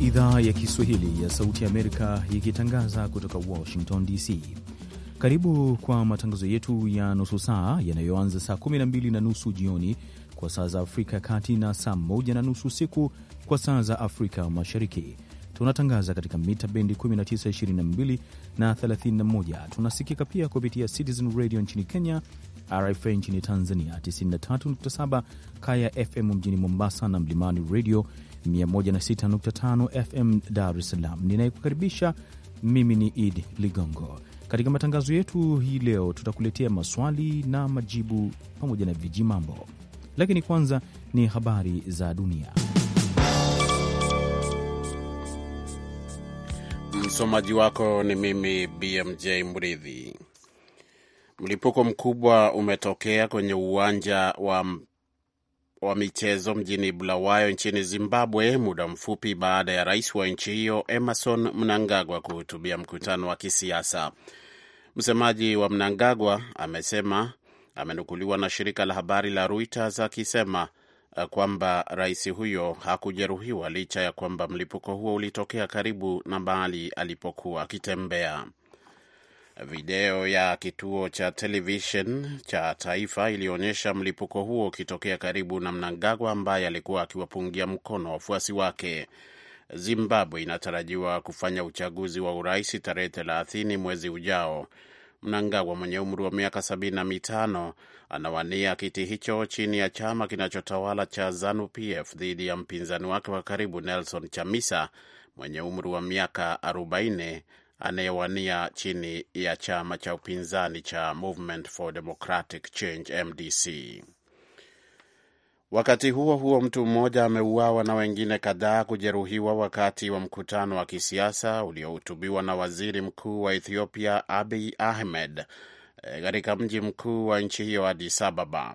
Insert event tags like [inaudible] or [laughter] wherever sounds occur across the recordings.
ni idhaa ya Kiswahili ya Sauti ya Amerika ikitangaza kutoka Washington DC. Karibu kwa matangazo yetu ya nusu saa yanayoanza saa 12 na nusu jioni kwa saa za Afrika ya Kati na saa 1 na nusu usiku kwa saa za Afrika Mashariki. Tunatangaza katika mita bendi 19, 22 na 31. Tunasikika pia kupitia Citizen Radio nchini Kenya, RFA nchini Tanzania 93.7, Kaya FM mjini Mombasa na Mlimani Radio 106.5 FM Dar es Salaam. Ninayekukaribisha mimi ni Idi Ligongo. Katika matangazo yetu hii leo, tutakuletea maswali na majibu pamoja na viji mambo, lakini kwanza ni habari za dunia. Msomaji wako ni mimi BMJ Mridhi. Mlipuko mkubwa umetokea kwenye uwanja wa wa michezo mjini Bulawayo nchini Zimbabwe, muda mfupi baada ya rais wa nchi hiyo Emerson Mnangagwa kuhutubia mkutano wa kisiasa. Msemaji wa Mnangagwa amesema amenukuliwa na shirika la habari la Reuters akisema eh, kwamba rais huyo hakujeruhiwa licha ya kwamba mlipuko huo ulitokea karibu na mahali alipokuwa akitembea. Video ya kituo cha televishen cha taifa ilionyesha mlipuko huo ukitokea karibu na Mnangagwa ambaye alikuwa akiwapungia mkono wafuasi wake. Zimbabwe inatarajiwa kufanya uchaguzi wa urais tarehe thelathini mwezi ujao. Mnangagwa mwenye umri wa miaka 75 anawania kiti hicho chini ya chama kinachotawala cha ZANU-PF dhidi ya mpinzani wake wa karibu Nelson Chamisa mwenye umri wa miaka 40 anayewania chini ya chama cha upinzani cha Movement for Democratic Change MDC. Wakati huo huo, mtu mmoja ameuawa na wengine kadhaa kujeruhiwa wakati wa mkutano wa kisiasa uliohutubiwa na waziri mkuu wa Ethiopia Abiy Ahmed eh, katika mji mkuu wa nchi hiyo Addis Ababa.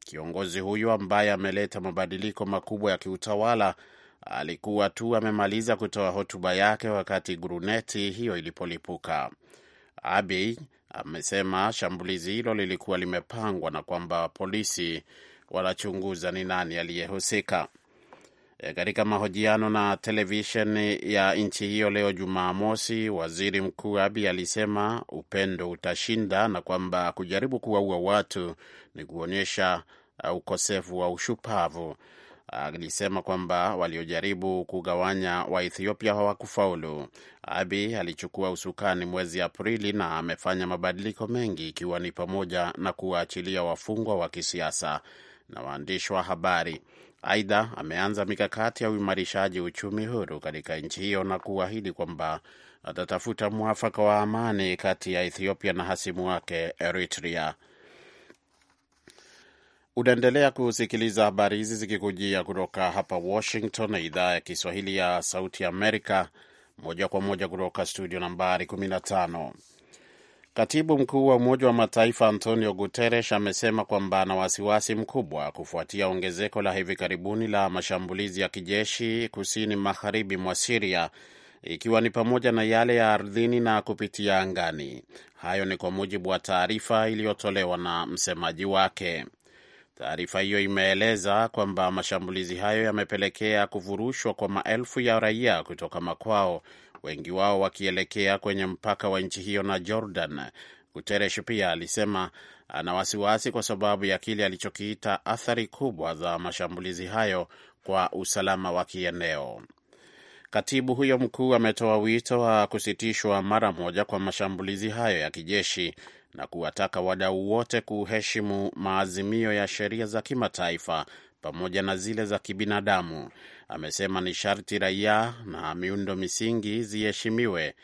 Kiongozi huyo ambaye ameleta mabadiliko makubwa ya kiutawala alikuwa tu amemaliza kutoa hotuba yake wakati guruneti hiyo ilipolipuka. Abiy amesema shambulizi hilo lilikuwa limepangwa na kwamba polisi wanachunguza ni nani aliyehusika. E, katika mahojiano na televisheni ya nchi hiyo leo Jumamosi, waziri mkuu abi alisema upendo utashinda na kwamba kujaribu kuwaua watu ni kuonyesha uh, ukosefu wa ushupavu alisema kwamba waliojaribu kugawanya Waethiopia hawakufaulu. Abi alichukua usukani mwezi Aprili na amefanya mabadiliko mengi, ikiwa ni pamoja na kuwaachilia wafungwa wa kisiasa na waandishi wa habari. Aidha, ameanza mikakati ya uimarishaji uchumi huru katika nchi hiyo na kuahidi kwamba atatafuta mwafaka wa amani kati ya Ethiopia na hasimu wake Eritrea. Unaendelea kusikiliza habari hizi zikikujia kutoka hapa Washington na idhaa ya Kiswahili ya Sauti ya Amerika, moja kwa moja kutoka studio nambari 15. Katibu mkuu wa Umoja wa Mataifa Antonio Guterres amesema kwamba ana wasiwasi mkubwa kufuatia ongezeko la hivi karibuni la mashambulizi ya kijeshi kusini magharibi mwa Siria, ikiwa ni pamoja na yale ya ardhini na kupitia angani. Hayo ni kwa mujibu wa taarifa iliyotolewa na msemaji wake. Taarifa hiyo imeeleza kwamba mashambulizi hayo yamepelekea kufurushwa kwa maelfu ya raia kutoka makwao, wengi wao wakielekea kwenye mpaka wa nchi hiyo na Jordan. guteresh pia alisema ana wasiwasi kwa sababu ya kile alichokiita athari kubwa za mashambulizi hayo kwa usalama wa kieneo. Katibu huyo mkuu ametoa wito wa kusitishwa mara moja kwa mashambulizi hayo ya kijeshi na kuwataka wadau wote kuheshimu maazimio ya sheria za kimataifa pamoja na zile za kibinadamu. Amesema ni sharti raia na miundo misingi ziheshimiwe.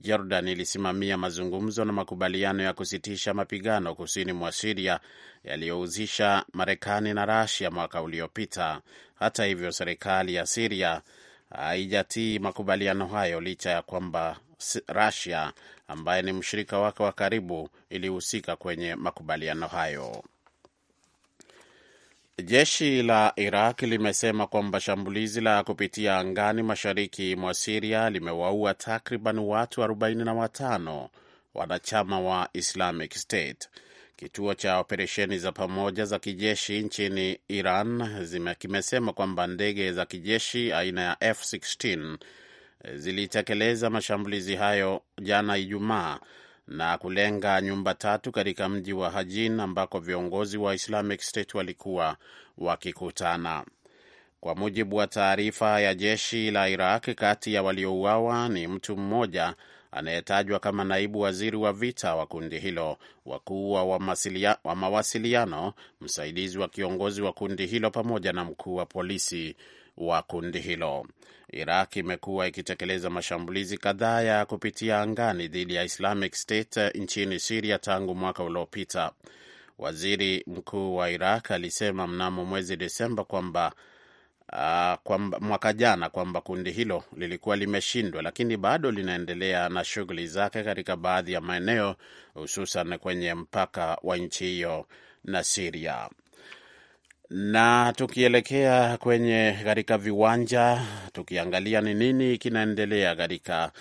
Jordan ilisimamia mazungumzo na makubaliano ya kusitisha mapigano kusini mwa Siria yaliyohusisha Marekani na Rasia mwaka uliopita. Hata hivyo, serikali ya Siria haijatii makubaliano hayo licha ya kwamba Russia ambaye ni mshirika wake wa karibu ilihusika kwenye makubaliano hayo. Jeshi la Iraq limesema kwamba shambulizi la kupitia angani mashariki mwa Siria limewaua takriban watu 45 wanachama wa Islamic State. Kituo cha operesheni za pamoja za kijeshi nchini Iran zime kimesema kwamba ndege za kijeshi aina ya F16 zilitekeleza mashambulizi hayo jana Ijumaa na kulenga nyumba tatu katika mji wa Hajin ambako viongozi wa Islamic State walikuwa wakikutana. Kwa mujibu wa taarifa ya jeshi la Iraq, kati ya waliouawa ni mtu mmoja anayetajwa kama naibu waziri wa vita wa kundi hilo, wakuu wa mawasiliano, msaidizi wa kiongozi wa kundi hilo, pamoja na mkuu wa polisi wa kundi hilo. Iraq imekuwa ikitekeleza mashambulizi kadhaa ya kupitia angani dhidi ya Islamic State nchini Siria tangu mwaka uliopita. Waziri mkuu wa Iraq alisema mnamo mwezi Desemba kwamba Uh, kwamba, mwaka jana kwamba kundi hilo lilikuwa limeshindwa, lakini bado linaendelea na shughuli zake katika baadhi ya maeneo hususan kwenye mpaka wa nchi hiyo na siria na tukielekea kwenye katika viwanja, tukiangalia ni nini kinaendelea katika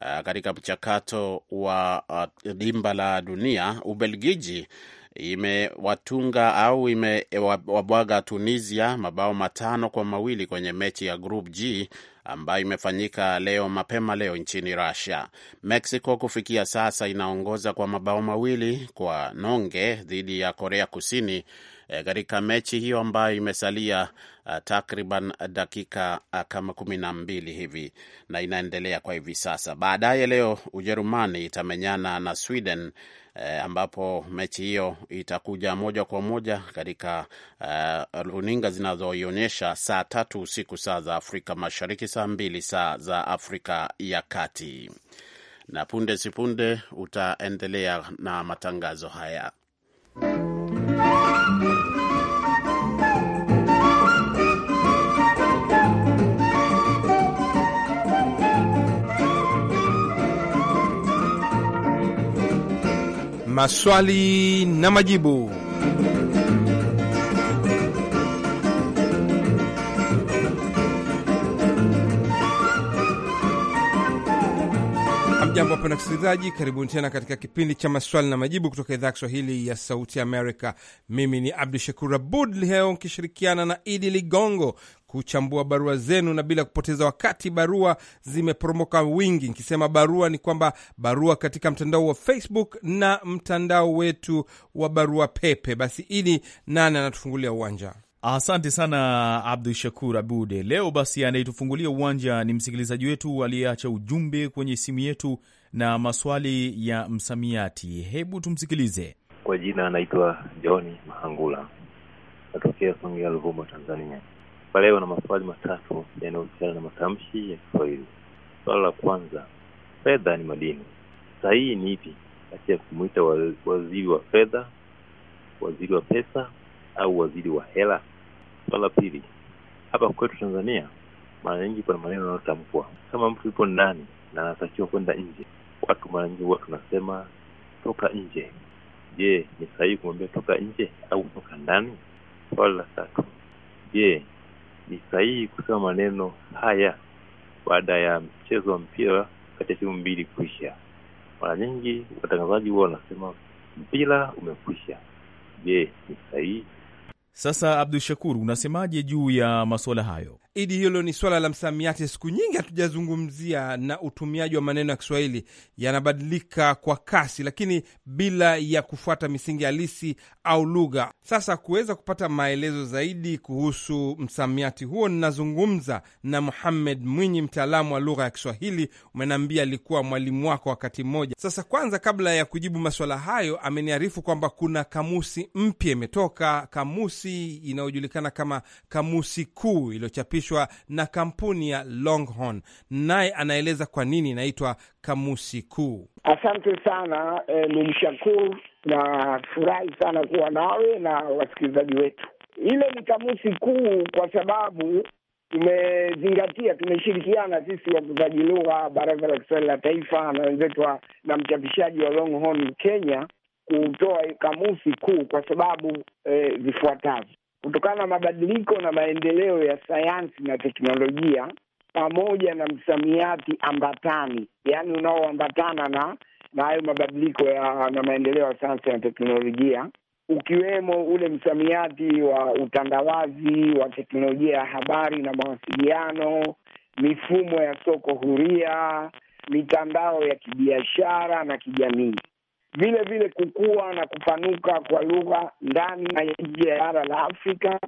eh, katika mchakato wa eh, dimba la dunia Ubelgiji imewatunga au imewabwaga Tunisia mabao matano kwa mawili kwenye mechi ya Group G ambayo imefanyika leo mapema leo nchini Russia. Mexico kufikia sasa inaongoza kwa mabao mawili kwa nonge dhidi ya Korea Kusini eh, katika mechi hiyo ambayo imesalia uh, takriban dakika uh, kama kumi na mbili hivi na inaendelea kwa hivi sasa. Baadaye leo Ujerumani itamenyana na Sweden e, ambapo mechi hiyo itakuja moja kwa moja katika eh, runinga zinazoionyesha saa tatu usiku saa za Afrika Mashariki, saa mbili saa za Afrika ya Kati. Na punde sipunde utaendelea na matangazo haya maswali na majibu. jambo wapenda kusikilizaji, karibuni tena katika kipindi cha maswali na majibu kutoka idhaa ya Kiswahili ya Sauti Amerika. Mimi ni Abdu Shakur Abud, leo nkishirikiana na Idi Ligongo kuchambua barua zenu, na bila kupoteza wakati, barua zimeporomoka wingi. Nikisema barua ni kwamba barua katika mtandao wa Facebook na mtandao wetu wa barua pepe. Basi Idi, nani anatufungulia uwanja? Asante sana Abdu Shakur Abude. Leo basi, anayetufungulia uwanja ni msikilizaji wetu aliyeacha ujumbe kwenye simu yetu na maswali ya msamiati. Hebu tumsikilize. Kwa jina anaitwa Johni Mahangula, natokea Songea, Ruvuma, Tanzania. Kwa leo na maswali matatu yanayohusiana na matamshi ya Kiswahili. Swala la kwanza, fedha ni madini, sahihi ni ipi kati ya kumwita waziri wa fedha, waziri wa pesa au waziri wa hela? Swala la pili, hapa kwetu Tanzania mara nyingi kuna maneno yanayotamkwa. Kama mtu yupo ndani na anatakiwa kwenda nje, watu mara nyingi huwa tunasema toka nje. Je, ni sahihi kumwambia toka nje au toka ndani? Swali la tatu, je, ni sahihi kusema maneno haya baada ya mchezo wa mpira kati ya timu mbili kuisha? Mara nyingi watangazaji huwa wanasema mpira umekwisha. Je, ni sahihi? Sasa Abdu Shakur, unasemaje juu ya masuala hayo? Idi, hilo ni swala la msamiati, siku nyingi hatujazungumzia, na utumiaji wa maneno ya Kiswahili yanabadilika kwa kasi, lakini bila ya kufuata misingi halisi au lugha. Sasa kuweza kupata maelezo zaidi kuhusu msamiati huo, ninazungumza na Muhammed Mwinyi, mtaalamu wa lugha ya Kiswahili. Umeniambia alikuwa mwalimu wako wakati mmoja. Sasa kwanza, kabla ya kujibu maswala hayo, ameniarifu kwamba kuna kamusi mpya imetoka, kamusi inayojulikana kama Kamusi Kuu iliyochapishwa iliyochapishwa na kampuni ya Longhorn, naye anaeleza kwa nini inaitwa kamusi kuu. Asante sana e, eh, na furahi sana kuwa nawe na wasikilizaji wetu. Ile ni kamusi kuu kwa sababu tumezingatia tumeshirikiana sisi wakuzaji lugha, Baraza la Kiswahili la Taifa na wenzetu na mchapishaji wa Longhorn Kenya kutoa kamusi kuu kwa sababu eh, zifuatazo kutokana na mabadiliko na maendeleo ya sayansi na teknolojia pamoja na msamiati ambatani, yaani unaoambatana na na hayo mabadiliko ya na maendeleo ya sayansi na teknolojia, ukiwemo ule msamiati wa utandawazi wa teknolojia ya habari na mawasiliano, mifumo ya soko huria, mitandao ya kibiashara na kijamii vile vile kukua na kupanuka kwa lugha ndani na nje ya bara la Afrika.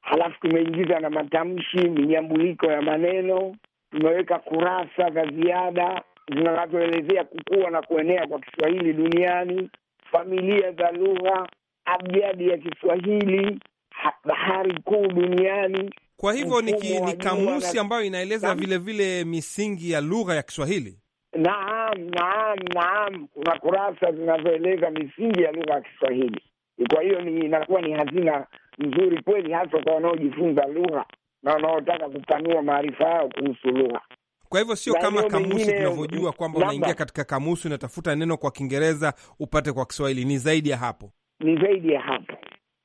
Halafu tumeingiza na matamshi, minyambuliko ya maneno, tumeweka kurasa za ziada zinazoelezea kukua na kuenea kwa Kiswahili duniani, familia za lugha, abjadi ya Kiswahili, bahari kuu duniani. Kwa hivyo ni, ni kamusi ambayo inaeleza vilevile vile misingi ya lugha ya Kiswahili. Naam, naam, naam, kuna kurasa zinazoeleza misingi ya lugha ya Kiswahili. Kwa hiyo ni inakuwa ni hazina nzuri kweli, hasa kwa wanaojifunza lugha na wanaotaka kupanua maarifa yao kuhusu lugha. Kwa hivyo sio kama kamusi tunavyojua kwamba unaingia katika kamusi unatafuta neno kwa Kiingereza upate kwa Kiswahili, ni zaidi ya hapo, ni zaidi ya hapo.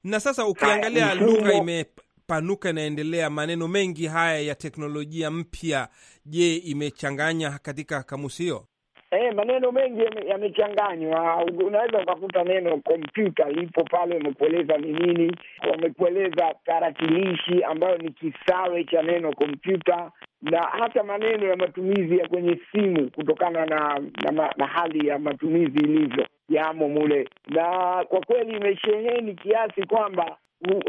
Na sasa ukiangalia lugha ime panuka inaendelea, maneno mengi haya ya teknolojia mpya. Je, imechanganya katika kamusi hiyo? E, maneno mengi yamechanganywa. Unaweza ukakuta neno kompyuta lipo pale, wamekueleza ni nini, wamekueleza tarakilishi ambayo ni kisawe cha neno kompyuta, na hata maneno ya matumizi ya kwenye simu kutokana na, na, na hali ya matumizi ilivyo yamo mule, na kwa kweli imesheheni kiasi kwamba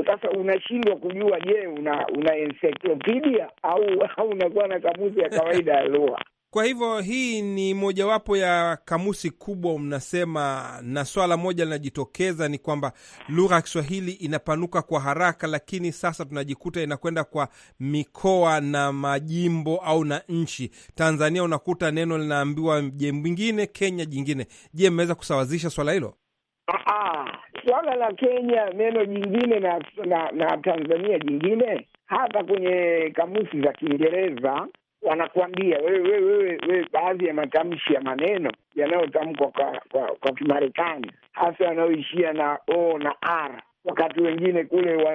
sasa unashindwa kujua, je, una una encyclopedia au [laughs] au unakuwa na kamusi ya kawaida ya lugha? [laughs] Kwa hivyo hii ni mojawapo ya kamusi kubwa mnasema, na swala moja linajitokeza ni kwamba lugha ya Kiswahili inapanuka kwa haraka, lakini sasa tunajikuta inakwenda kwa mikoa na majimbo au na nchi. Tanzania unakuta neno linaambiwa je mwingine, Kenya jingine. Je, mmeweza kusawazisha swala hilo? Ah, ah swala la Kenya neno jingine na, na, na Tanzania jingine, hata kwenye kamusi za Kiingereza wanakuambia wewe wewe wewe, baadhi ya matamshi ya maneno yanayotamkwa kwa, kwa, kwa Kimarekani hasa yanayoishia na o na r, wakati wengine kule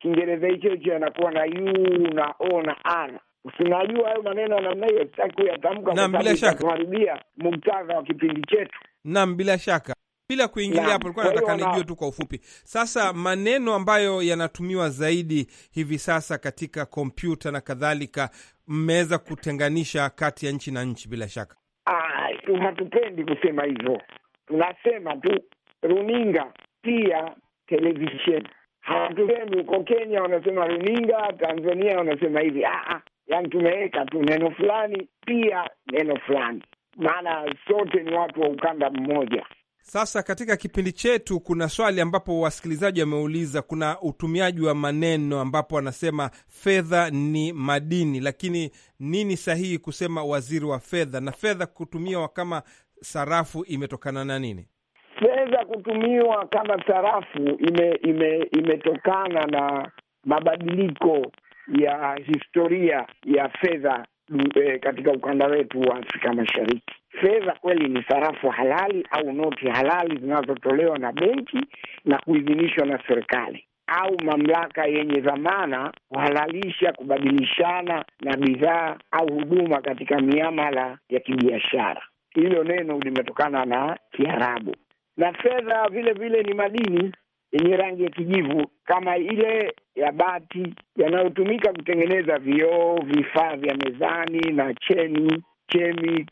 Kiingereza hicho hicho yanakuwa na u na o na r. Sinajua hayo maneno ya namna hiyo sitaki kuyatamka kwa sababu itakuharibia muktadha wa kipindi chetu. Naam, bila shaka bila kuingilia hapo, nilikuwa nataka nijue tu kwa ufupi sasa maneno ambayo yanatumiwa zaidi hivi sasa katika kompyuta na kadhalika, mmeweza kutenganisha kati ya nchi na nchi? Bila shaka ah, hatupendi kusema hivyo, tunasema tu runinga pia televisheni. Hatusemi uko Kenya wanasema runinga, Tanzania wanasema hivi. Ah, ah, yani tumeweka tu neno fulani pia neno fulani, maana sote ni watu wa ukanda mmoja. Sasa katika kipindi chetu kuna swali ambapo wasikilizaji wameuliza, kuna utumiaji wa maneno ambapo wanasema fedha ni madini, lakini nini sahihi kusema waziri wa fedha, na fedha kutumiwa kama sarafu imetokana na nini? Fedha kutumiwa kama sarafu ime, ime, imetokana na mabadiliko ya historia ya fedha eh, katika ukanda wetu wa Afrika Mashariki fedha kweli ni sarafu halali au noti halali zinazotolewa na benki na kuidhinishwa na serikali au mamlaka yenye dhamana kuhalalisha kubadilishana na bidhaa au huduma katika miamala ya kibiashara. Hilo neno limetokana na Kiarabu. Na fedha vile vile ni madini yenye rangi ya kijivu kama ile ya bati, yanayotumika kutengeneza vioo, vifaa vya mezani na cheni, chemi,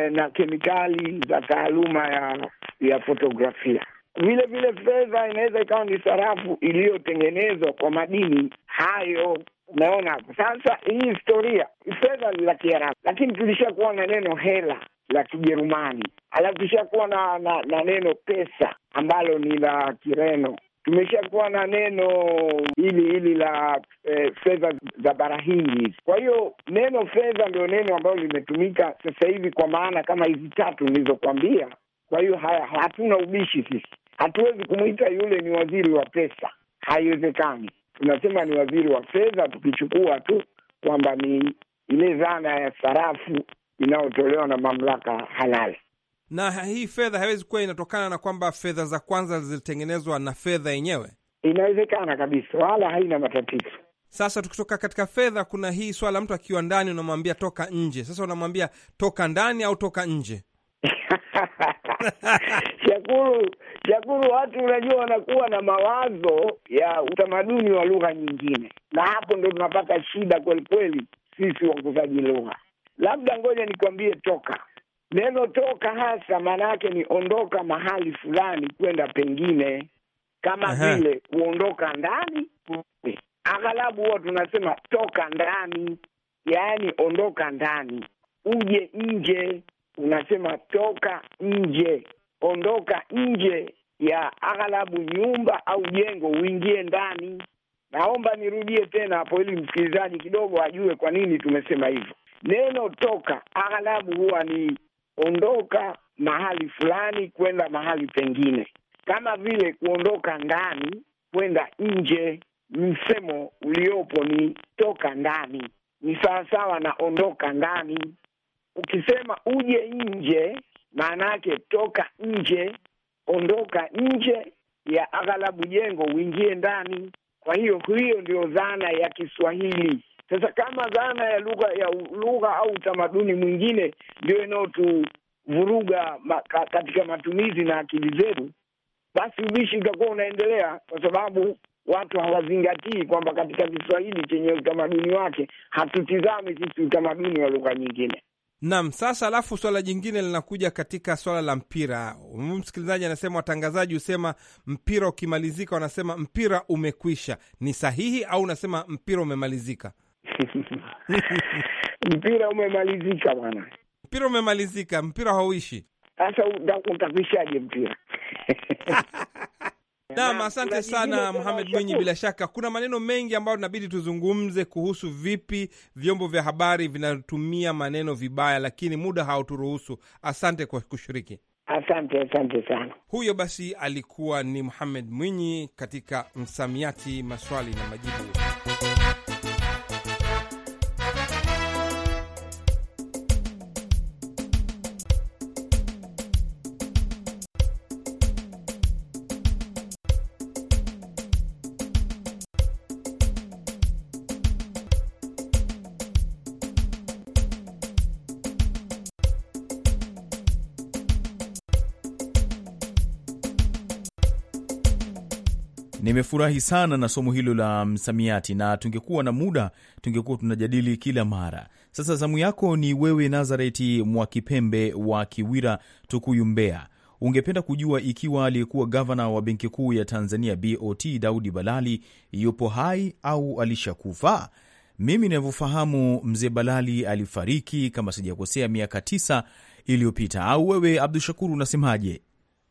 na kemikali za taaluma ya ya fotografia. Vile vile fedha inaweza ikawa ni sarafu iliyotengenezwa kwa madini hayo. Unaona, sasa, hii historia fedha ni la Kiarabu, lakini tulishakuwa na neno hela la Kijerumani, alafu tulishakuwa na, na, na neno pesa ambalo ni la Kireno tumeshakuwa na neno hili hili la e, fedha za barahindi. Kwa hiyo neno fedha ndio neno ambalo limetumika sasa hivi kwa maana kama hizi tatu nilizokuambia Kwa hiyo haya, hatuna ubishi sisi, hatuwezi kumwita yule ni waziri wa pesa, haiwezekani. Tunasema ni waziri wa fedha, tukichukua tu kwamba ni ile dhana ya sarafu inayotolewa na mamlaka halali na hii fedha haiwezi kuwa inatokana na kwamba fedha za kwanza zilitengenezwa na fedha yenyewe. Inawezekana kabisa, wala haina matatizo. Sasa tukitoka katika fedha, kuna hii swala mtu akiwa ndani unamwambia toka nje. Sasa unamwambia toka ndani au toka nje? [laughs] Shakuru, Shakuru, watu unajua wanakuwa na mawazo ya utamaduni wa lugha nyingine, na hapo ndo tunapata shida kwelikweli sisi wakuzaji lugha. Labda ngoja nikwambie toka Neno toka hasa maana yake ni ondoka mahali fulani kwenda pengine, kama vile kuondoka ndani. Aghalabu huwa tunasema toka ndani, yaani ondoka ndani uje nje. Unasema toka nje, ondoka nje ya aghalabu nyumba au jengo, uingie ndani. Naomba nirudie tena hapo, ili msikilizaji kidogo ajue kwa nini tumesema hivyo. Neno toka aghalabu huwa ni ondoka mahali fulani kwenda mahali pengine, kama vile kuondoka ndani kwenda nje. Msemo uliopo ni toka ndani, ni sawasawa na ondoka ndani. Ukisema uje nje, maana yake toka nje, ondoka nje ya aghalabu jengo uingie ndani. Kwa hiyo hiyo ndio dhana ya Kiswahili sasa kama dhana ya lugha ya lugha au utamaduni mwingine ndio inayotuvuruga ma, katika matumizi na akili zetu, basi ubishi utakuwa unaendelea, kwa sababu watu hawazingatii kwamba katika Kiswahili chenye utamaduni wake hatutizami sisi utamaduni wa lugha nyingine. Naam. Sasa alafu swala jingine linakuja katika swala la mpira. Msikilizaji anasema watangazaji husema mpira ukimalizika, wanasema mpira umekwisha. Ni sahihi au unasema mpira umemalizika? [laughs] mpira umemalizika bwana, mpira umemalizika, mpira hauishi. Sasa utakuishaje mpira? [laughs] Naam, asante sana mhamed Mwinyi. Bila shaka kuna maneno mengi ambayo tunabidi tuzungumze kuhusu vipi vyombo vya habari vinatumia maneno vibaya, lakini muda hauturuhusu. Asante kwa kushiriki. Asante, asante sana. Huyo basi alikuwa ni muhamed Mwinyi katika msamiati maswali na majibu. Nimefurahi sana na somo hilo la msamiati, na tungekuwa na muda tungekuwa tunajadili kila mara. Sasa zamu yako ni wewe, Nazareti mwa Kipembe wa Kiwira, Tukuyu, mbea Ungependa kujua ikiwa aliyekuwa gavana wa Benki Kuu ya Tanzania BOT Daudi Balali yupo hai au alishakufa. Mimi inavyofahamu mzee Balali alifariki kama sijakosea miaka tisa iliyopita, au wewe Abdu Shakuru unasemaje?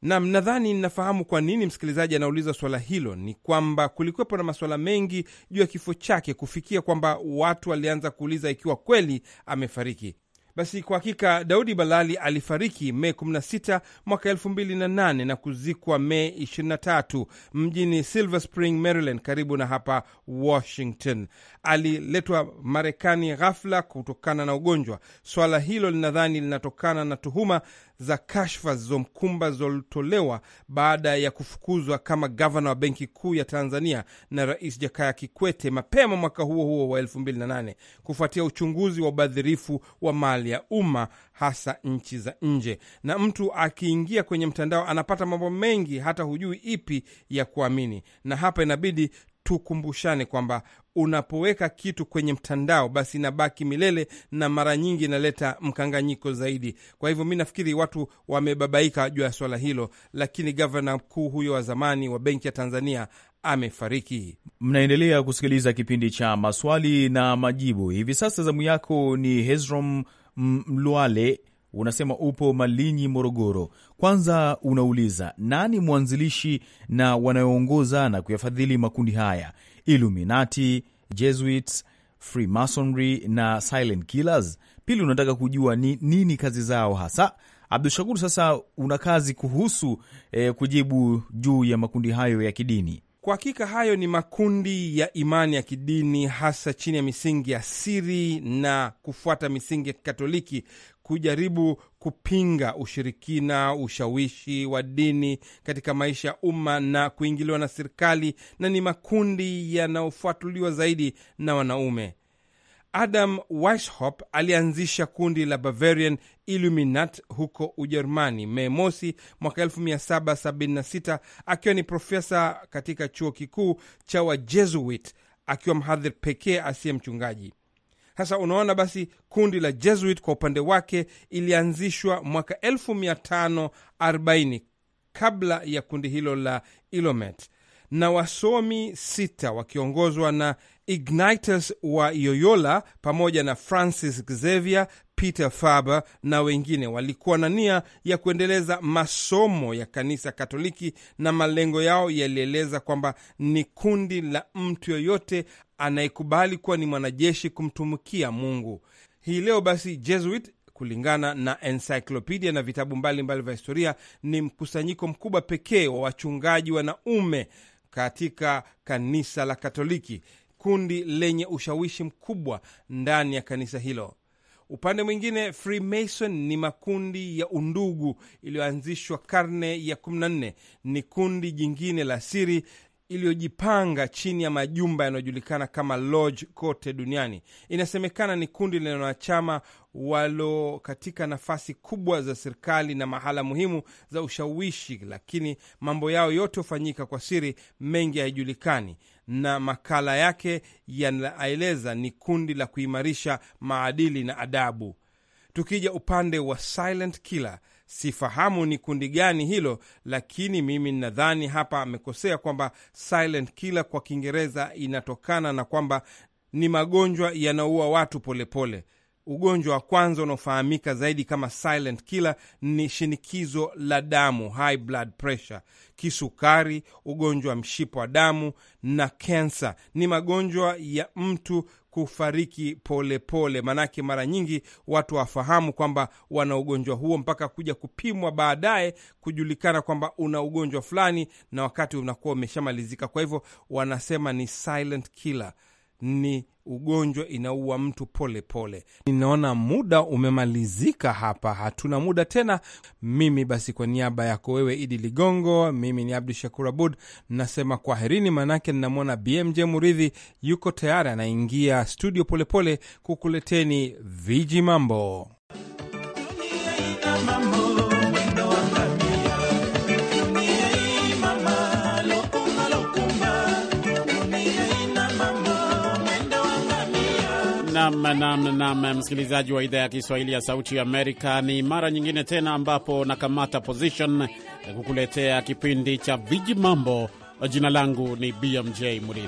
na nadhani ninafahamu kwa nini msikilizaji anauliza swala hilo. Ni kwamba kulikuwepo na maswala mengi juu ya kifo chake kufikia kwamba watu walianza kuuliza ikiwa kweli amefariki. Basi kwa hakika Daudi Balali alifariki Mei 16 mwaka 2008 na kuzikwa Mei 23 mjini Silver Spring, Maryland, karibu na hapa Washington aliletwa Marekani ghafla kutokana na ugonjwa. Swala hilo linadhani linatokana na tuhuma za kashfa zilizomkumba zilizotolewa baada ya kufukuzwa kama gavana wa Benki Kuu ya Tanzania na Rais Jakaya Kikwete mapema mwaka huo huo wa 2008 kufuatia uchunguzi wa ubadhirifu wa mali ya umma hasa nchi za nje. Na mtu akiingia kwenye mtandao anapata mambo mengi, hata hujui ipi ya kuamini, na hapa inabidi tukumbushane kwamba unapoweka kitu kwenye mtandao basi inabaki milele na mara nyingi inaleta mkanganyiko zaidi. Kwa hivyo mi nafikiri watu wamebabaika juu ya swala hilo, lakini gavana mkuu huyo wa zamani wa Benki ya Tanzania amefariki. Mnaendelea kusikiliza kipindi cha maswali na majibu. Hivi sasa zamu yako ni Hezrom Mlwale unasema upo Malinyi, Morogoro. Kwanza unauliza nani mwanzilishi na wanayoongoza na kuyafadhili makundi haya: Illuminati, Jesuits, Freemasonry na Silent Killers. Pili, unataka kujua ni nini kazi zao hasa. Abdushakur, sasa una kazi kuhusu eh, kujibu juu ya makundi hayo ya kidini. Kwa hakika hayo ni makundi ya imani ya kidini, hasa chini ya misingi ya siri na kufuata misingi ya Kikatoliki, kujaribu kupinga ushirikina, ushawishi wa dini katika maisha ya umma na kuingiliwa na serikali, na ni makundi yanayofuatuliwa zaidi na wanaume. Adam Weishaupt alianzisha kundi la Bavarian Illuminat huko Ujerumani Mei mosi mwaka 1776 akiwa ni profesa katika chuo kikuu cha Wajesuit akiwa mhadhiri pekee asiye mchungaji. Sasa unaona, basi kundi la Jesuit kwa upande wake ilianzishwa mwaka 1540 kabla ya kundi hilo la ilomet na wasomi sita wakiongozwa na Ignatius wa yoyola pamoja na Francis Xavier, Peter Faber na wengine walikuwa na nia ya kuendeleza masomo ya kanisa Katoliki, na malengo yao yalieleza kwamba ni kundi la mtu yoyote anayekubali kuwa ni mwanajeshi kumtumikia Mungu. Hii leo basi Jesuit kulingana na encyclopedia na vitabu mbalimbali vya historia ni mkusanyiko mkubwa pekee wa wachungaji wanaume katika kanisa la Katoliki kundi lenye ushawishi mkubwa ndani ya kanisa hilo. Upande mwingine, Freemason ni makundi ya undugu iliyoanzishwa karne ya 14. Ni kundi jingine la siri iliyojipanga chini ya majumba yanayojulikana kama lodge kote duniani. Inasemekana ni kundi lenye wanachama walio katika nafasi kubwa za serikali na mahala muhimu za ushawishi, lakini mambo yao yote hufanyika kwa siri, mengi hayajulikani, na makala yake yanaeleza ni kundi la kuimarisha maadili na adabu. Tukija upande wa silent killer, sifahamu ni kundi gani hilo, lakini mimi nadhani hapa amekosea kwamba silent killer kwa Kiingereza inatokana na kwamba ni magonjwa yanaua watu polepole pole. Ugonjwa wa kwanza unaofahamika zaidi kama silent killer ni shinikizo la damu, high blood pressure, kisukari, ugonjwa wa mshipo wa damu na kansa. Ni magonjwa ya mtu kufariki polepole, manake mara nyingi watu wafahamu kwamba wana ugonjwa huo mpaka kuja kupimwa baadaye kujulikana kwamba una ugonjwa fulani, na wakati unakuwa umeshamalizika. Kwa hivyo wanasema ni silent killer ni ugonjwa inaua mtu pole pole. Ninaona muda umemalizika hapa, hatuna muda tena. Mimi basi, kwa niaba yako wewe Idi Ligongo, mimi ni Abdu Shakur Abud nasema kwaherini, manake ninamwona BMJ Muridhi yuko tayari anaingia studio polepole kukuleteni viji mambo. Nam, nam, nam, msikilizaji wa idhaa ya Kiswahili ya Sauti ya Amerika, ni mara nyingine tena ambapo nakamata position kukuletea kipindi cha viji mambo. Jina langu ni BMJ mridhi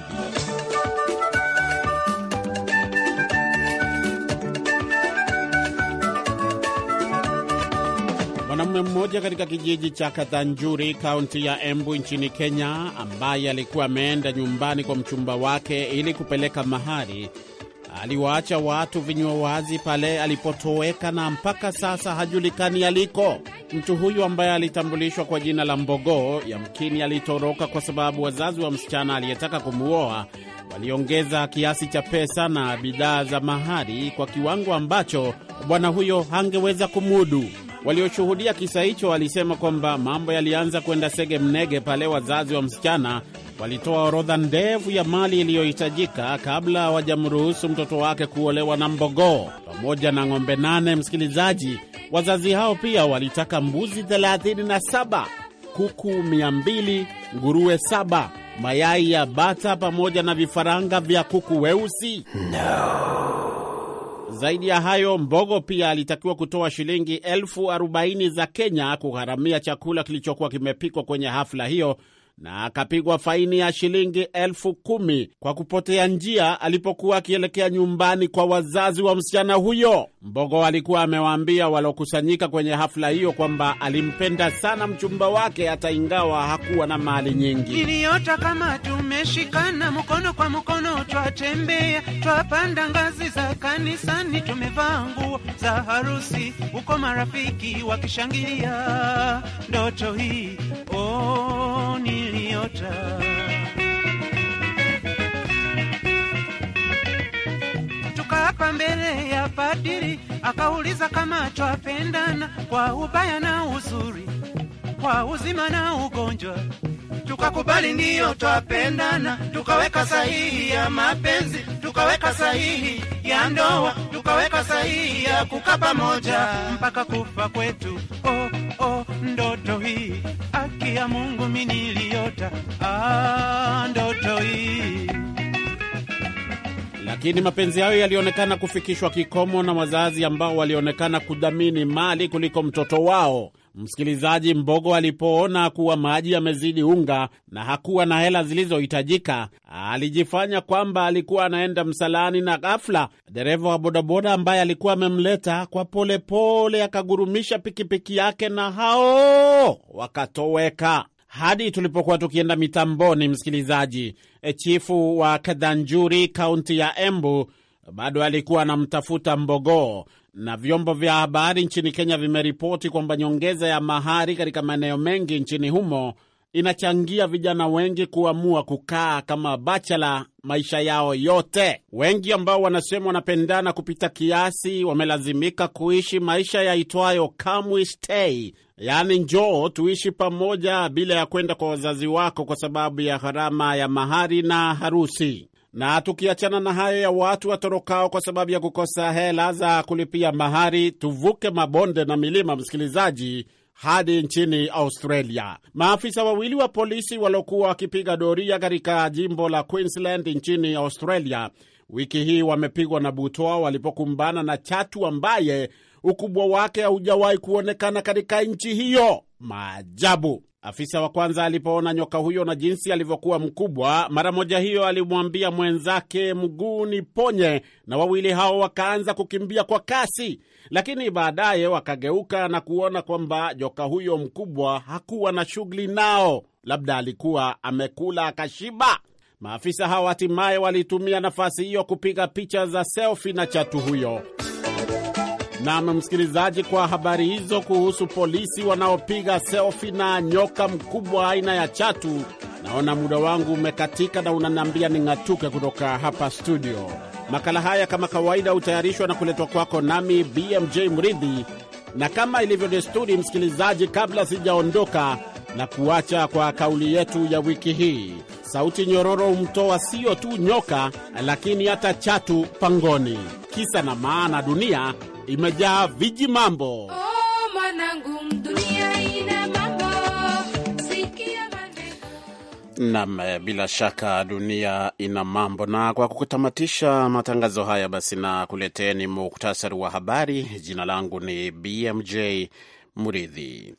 Mwanamume mmoja katika kijiji cha Kathanjuri, kaunti ya Embu nchini Kenya, ambaye alikuwa ameenda nyumbani kwa mchumba wake ili kupeleka mahari aliwaacha watu vinywa wazi pale alipotoweka na mpaka sasa hajulikani aliko. Mtu huyu ambaye alitambulishwa kwa jina la Mbogoo yamkini alitoroka kwa sababu wazazi wa msichana aliyetaka kumuoa waliongeza kiasi cha pesa na bidhaa za mahari kwa kiwango ambacho bwana huyo hangeweza kumudu. Walioshuhudia kisa hicho walisema kwamba mambo yalianza kwenda sege mnege pale wazazi wa msichana walitoa orodha ndefu ya mali iliyohitajika kabla hawajamruhusu mtoto wake kuolewa na Mbogoo, pamoja na ng'ombe nane. Msikilizaji, wazazi hao pia walitaka mbuzi 37, kuku 200, nguruwe 7, mayai ya bata pamoja na vifaranga vya kuku weusi no. Zaidi ya hayo Mbogo pia alitakiwa kutoa shilingi elfu arobaini za Kenya kugharamia chakula kilichokuwa kimepikwa kwenye hafla hiyo, na akapigwa faini ya shilingi elfu kumi kwa kupotea njia alipokuwa akielekea nyumbani kwa wazazi wa msichana huyo. Mbogo alikuwa amewaambia waliokusanyika kwenye hafla hiyo kwamba alimpenda sana mchumba wake hata ingawa hakuwa na mali nyingi. Iliota kama tumeshikana mkono kwa mkono, twatembea twapanda ngazi za kanisani, tumevaa nguo za harusi, huko marafiki wakishangilia ndoto hii oh, ni nyota. Tukaapa mbele ya padiri, akauliza kama twapendana kwa ubaya na uzuri, kwa uzima na ugonjwa. Tukakubali ndiyo, twapendana. Tukaweka sahihi ya mapenzi, tukaweka sahihi ya ndoa tukaweka sahihi ya kukaa pamoja mpaka kufa kwetu. Oh, oh, ndoto hii aki ya Mungu mimi niliota, ah, ndoto hii. Lakini mapenzi hayo yalionekana kufikishwa kikomo na wazazi ambao walionekana kudhamini mali kuliko mtoto wao. Msikilizaji, Mbogo alipoona kuwa maji yamezidi unga na hakuwa na hela zilizohitajika, alijifanya kwamba alikuwa anaenda msalani, na ghafla dereva wa bodaboda ambaye alikuwa amemleta kwa polepole pole, akagurumisha pikipiki yake na hao wakatoweka hadi tulipokuwa tukienda mitamboni. Msikilizaji, e, chifu wa Kadhanjuri, kaunti ya Embu, bado alikuwa anamtafuta Mbogoo na vyombo vya habari nchini Kenya vimeripoti kwamba nyongeza ya mahari katika maeneo mengi nchini humo inachangia vijana wengi kuamua kukaa kama bachela maisha yao yote. Wengi ambao wanasema wanapendana kupita kiasi wamelazimika kuishi maisha yaitwayo come we stay, yaani njoo tuishi pamoja, bila ya kwenda kwa wazazi wako, kwa sababu ya gharama ya mahari na harusi. Na tukiachana na hayo ya watu watorokao kwa sababu ya kukosa hela za kulipia mahari, tuvuke mabonde na milima, msikilizaji, hadi nchini Australia. Maafisa wawili wa polisi waliokuwa wakipiga doria katika jimbo la Queensland nchini Australia wiki hii wamepigwa na butoa walipokumbana na chatu ambaye ukubwa wake haujawahi kuonekana katika nchi hiyo. Maajabu! Afisa wa kwanza alipoona nyoka huyo na jinsi alivyokuwa mkubwa, mara moja hiyo alimwambia mwenzake, mguu ponye na wawili hao wakaanza kukimbia kwa kasi, lakini baadaye wakageuka na kuona kwamba nyoka huyo mkubwa hakuwa na shughuli nao, labda alikuwa amekula akashiba. Maafisa hao hatimaye walitumia nafasi hiyo kupiga picha za selfie na chatu huyo. Nam msikilizaji, kwa habari hizo kuhusu polisi wanaopiga selfi na nyoka mkubwa aina ya chatu, naona muda wangu umekatika na unaniambia ning'atuke kutoka hapa studio. Makala haya kama kawaida hutayarishwa na kuletwa kwako nami BMJ Mridhi, na kama ilivyo desturi, msikilizaji, kabla sijaondoka na kuacha kwa kauli yetu ya wiki hii, sauti nyororo humtoa sio tu nyoka, lakini hata chatu pangoni. Kisa na maana, dunia imejaa viji mambo. Oh, Nam, eh, bila shaka dunia ina mambo. Na kwa kutamatisha matangazo haya, basi na kuleteni muktasari wa habari. Jina langu ni BMJ Muridhi.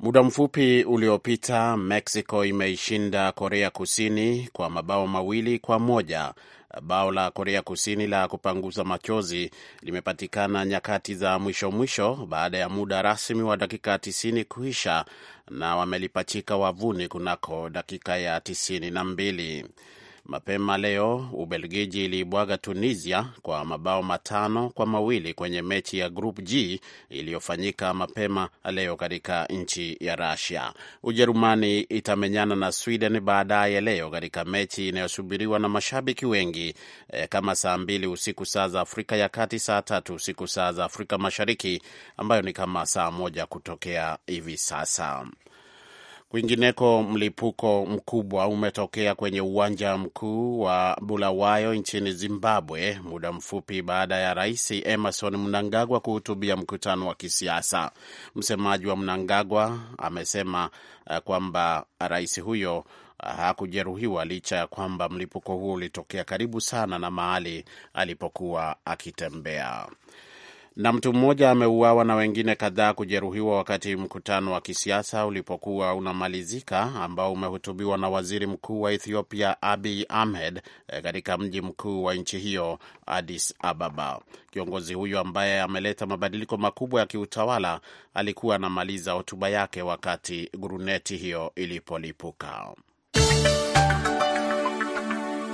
Muda mfupi uliopita Mexico imeishinda Korea Kusini kwa mabao mawili kwa moja bao la Korea Kusini la kupanguza machozi limepatikana nyakati za mwisho mwisho baada ya muda rasmi wa dakika 90 kuisha na wamelipachika wavuni kunako dakika ya tisini na mbili. Mapema leo Ubelgiji iliibwaga Tunisia kwa mabao matano kwa mawili kwenye mechi ya Group G iliyofanyika mapema leo katika nchi ya rasia Ujerumani itamenyana na Sweden baadaye leo katika mechi inayosubiriwa na mashabiki wengi e, kama saa mbili usiku saa za Afrika ya Kati, saa tatu usiku saa za Afrika Mashariki, ambayo ni kama saa moja kutokea hivi sasa. Kwingineko, mlipuko mkubwa umetokea kwenye uwanja mkuu wa Bulawayo nchini Zimbabwe muda mfupi baada ya rais Emerson Mnangagwa kuhutubia mkutano wa kisiasa. Msemaji wa Mnangagwa amesema eh, kwamba rais huyo eh, hakujeruhiwa licha ya kwamba mlipuko huo ulitokea karibu sana na mahali alipokuwa akitembea na mtu mmoja ameuawa na wengine kadhaa kujeruhiwa wakati mkutano wa kisiasa ulipokuwa unamalizika ambao umehutubiwa na waziri mkuu wa Ethiopia Abiy Ahmed eh, katika mji mkuu wa nchi hiyo Addis Ababa. Kiongozi huyo ambaye ameleta mabadiliko makubwa ya kiutawala alikuwa anamaliza hotuba yake wakati guruneti hiyo ilipolipuka.